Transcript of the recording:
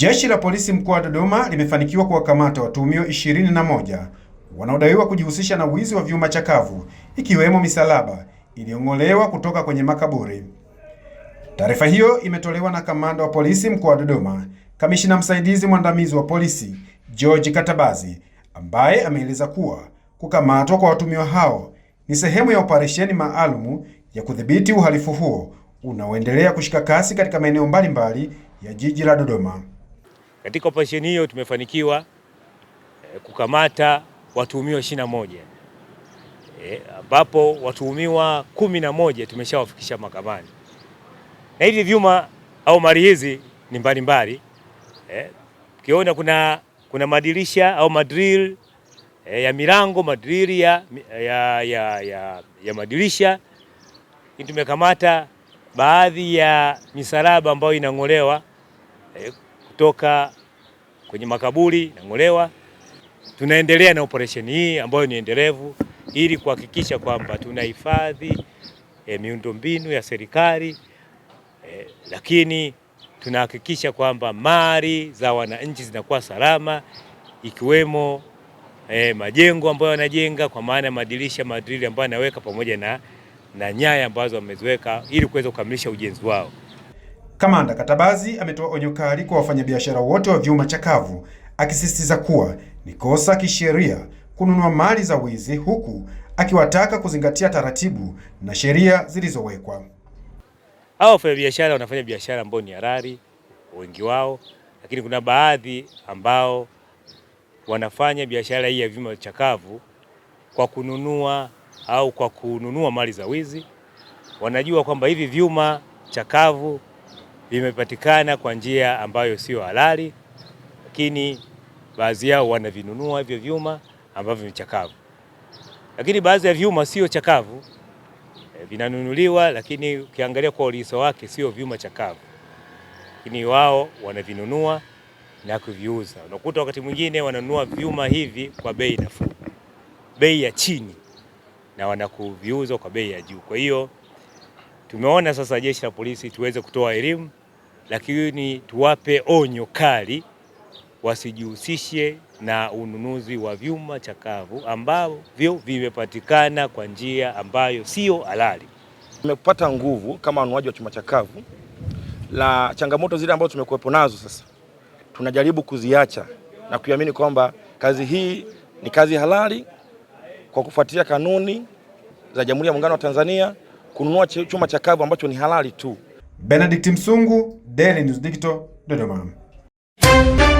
Jeshi la polisi mkoa wa Dodoma limefanikiwa kuwakamata watuhumiwa 21 wanaodaiwa kujihusisha na wizi wa vyuma chakavu ikiwemo misalaba iliyong'olewa kutoka kwenye makaburi. Taarifa hiyo imetolewa na Kamanda wa polisi mkoa wa Dodoma, Kamishina msaidizi mwandamizi wa polisi George Katabazi, ambaye ameeleza kuwa kukamatwa kwa watuhumiwa hao ni sehemu ya operesheni maalumu ya kudhibiti uhalifu huo unaoendelea kushika kasi katika maeneo mbalimbali ya jiji la Dodoma. Katika operesheni hiyo tumefanikiwa e, kukamata watuhumiwa ishirini na moja eh, ambapo watuhumiwa kumi na moja tumeshawafikisha mahakamani na hivi vyuma au mali hizi ni mbalimbali e, ukiona kuna, kuna madirisha au madrili e, ya milango madrili ya, ya, ya, ya, ya madirisha. Tumekamata baadhi ya misalaba ambayo inang'olewa e, kutoka kwenye makaburi nang'olewa. Tunaendelea na operesheni hii ambayo ni endelevu ili kuhakikisha kwamba tunahifadhi e, miundombinu ya serikali e, lakini tunahakikisha kwamba mali za wananchi zinakuwa salama ikiwemo e, majengo ambayo wanajenga kwa maana ya madirisha, madrili ambayo anaweka pamoja na, na nyaya ambazo wameziweka ili kuweza kukamilisha ujenzi wao. Kamanda Katabazi ametoa onyo kali kwa wafanyabiashara wote wa vyuma chakavu akisisitiza kuwa ni kosa kisheria kununua mali za wizi huku akiwataka kuzingatia taratibu na sheria zilizowekwa. Hao wafanyabiashara wanafanya biashara ambao ni halali wengi wao, lakini kuna baadhi ambao wanafanya biashara hii ya vyuma chakavu kwa kununua au kwa kununua mali za wizi. Wanajua kwamba hivi vyuma chakavu vimepatikana kwa njia ambayo sio halali, lakini baadhi yao wanavinunua hivyo vyuma ambavyo ni chakavu. Lakini baadhi ya vyuma sio chakavu e, vinanunuliwa, lakini ukiangalia kwa uliso wake sio vyuma chakavu, lakini wao wanavinunua na kuviuza. Unakuta wakati mwingine wananunua vyuma hivi kwa bei nafuu, bei ya chini, na wanakuviuza kwa bei ya juu. Kwa hiyo tumeona sasa jeshi la polisi tuweze kutoa elimu lakini tuwape onyo kali wasijihusishe na ununuzi wa vyuma chakavu ambavyo vimepatikana kwa njia ambayo sio halali. Tumepata nguvu kama wanunuaji wa chuma chakavu, la changamoto zile ambazo tumekuwepo nazo sasa tunajaribu kuziacha na kuiamini kwamba kazi hii ni kazi halali kwa kufuatilia kanuni za Jamhuri ya Muungano wa Tanzania, kununua chuma chakavu ambacho ni halali tu. Benedict Msungu Daily News Digital, Dodoma.